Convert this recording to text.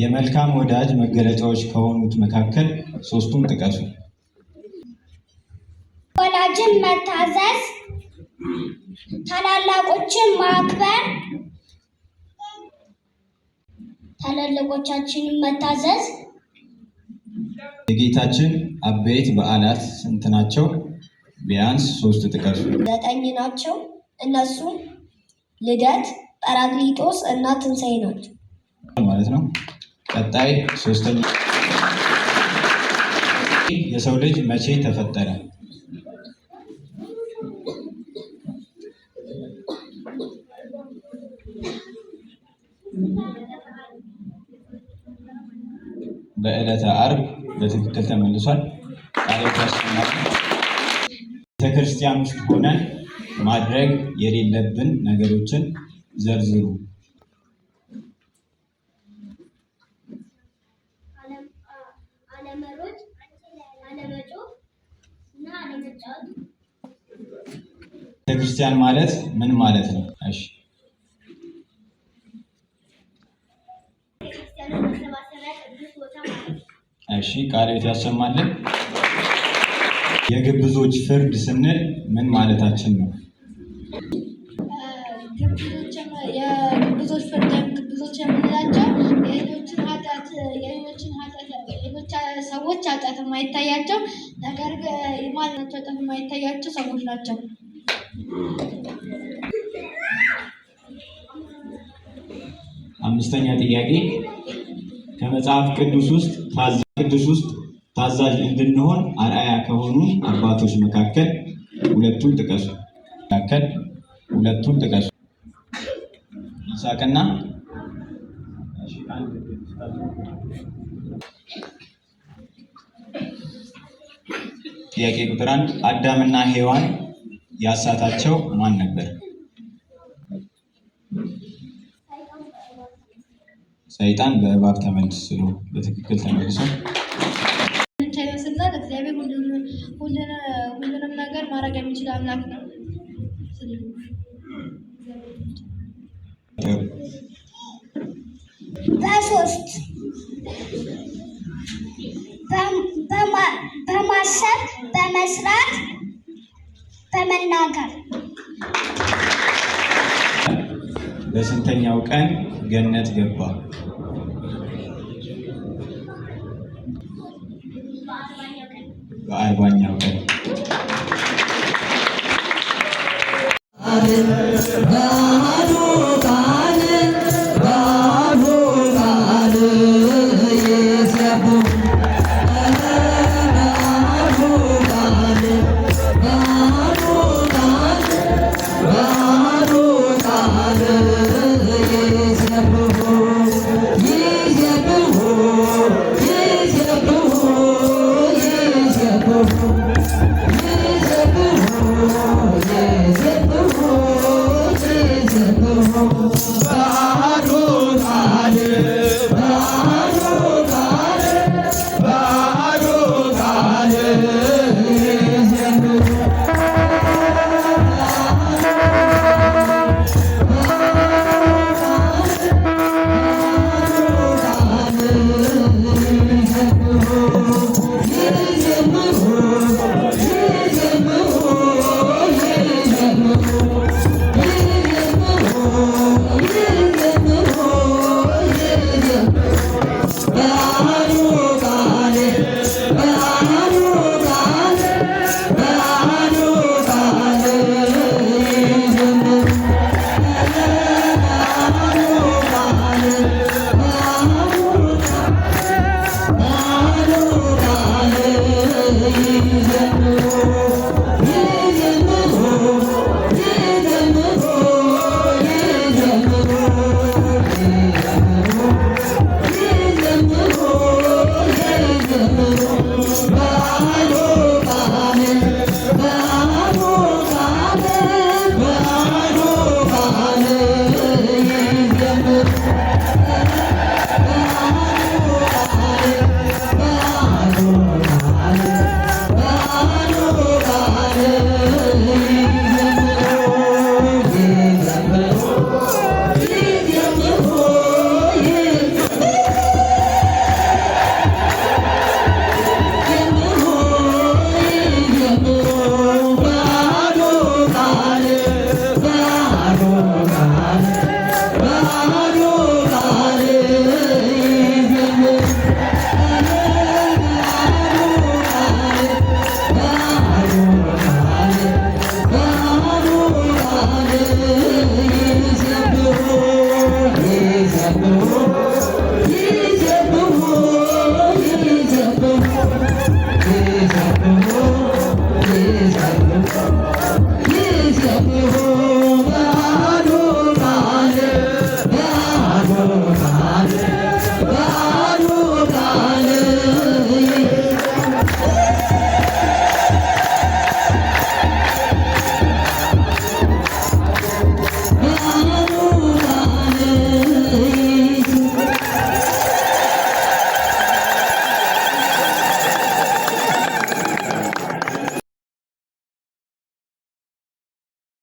የመልካም ወዳጅ መገለጫዎች ከሆኑት መካከል ሶስቱን ጥቀሱ። ወላጅን መታዘዝ፣ ታላላቆችን ማክበር፣ ታላላቆቻችንን መታዘዝ። የጌታችን አበይት በዓላት ስንት ናቸው? ቢያንስ ሶስት ጥቀሱ። ዘጠኝ ናቸው። እነሱም ልደት፣ ጰራቅሊጦስ እና ትንሣኤ ናቸው ማለት ነው። ቀጣይ ሶስተኛ የሰው ልጅ መቼ ተፈጠረ? በዕለተ ዓርብ በትክክል ተመልሷል። ቤተክርስቲያን ውስጥ ሆነን ማድረግ የሌለብን ነገሮችን ዘርዝሩ። ቤተክርስቲያን ማለት ምን ማለት ነው? እሺ እሺ ቃለ ሕይወት ያሰማልን። የግብዞች ፍርድ ስንል ምን ማለታችን ነው? የግብዞች ፍርድ ግብዞች የምንላቸው የሌሎችን ኃጢአት የሌሎችን ኃጢአት ሌሎች ሰዎች ኃጢአት የማይታያቸው ነገር ግን የማንነቸው ኃጢአት የማይታያቸው ሰዎች ናቸው። አምስተኛ ጥያቄ ከመጽሐፍ ቅዱስ ውስጥ ቅዱስ ውስጥ ታዛዥ እንድንሆን አርአያ ከሆኑ አባቶች መካከል ሁለቱን ጥቀሱ። መካከል ሁለቱን ጥቀሱ። ይስሐቅና ጥያቄ ቁጥር አንድ አዳምና ሔዋን ያሳታቸው ማን ነበር? ሰይጣን በእባብ ተመልስሎ በትክክል ተመልሶ ስልጣን እግዚአብሔር ሁሉንም ነገር ማድረግ የሚችል አምላክ ነው። በሶስት በማሰብ በመስራት በመናገር በስንተኛው ቀን ገነት ገባ? በአርባኛው ቀን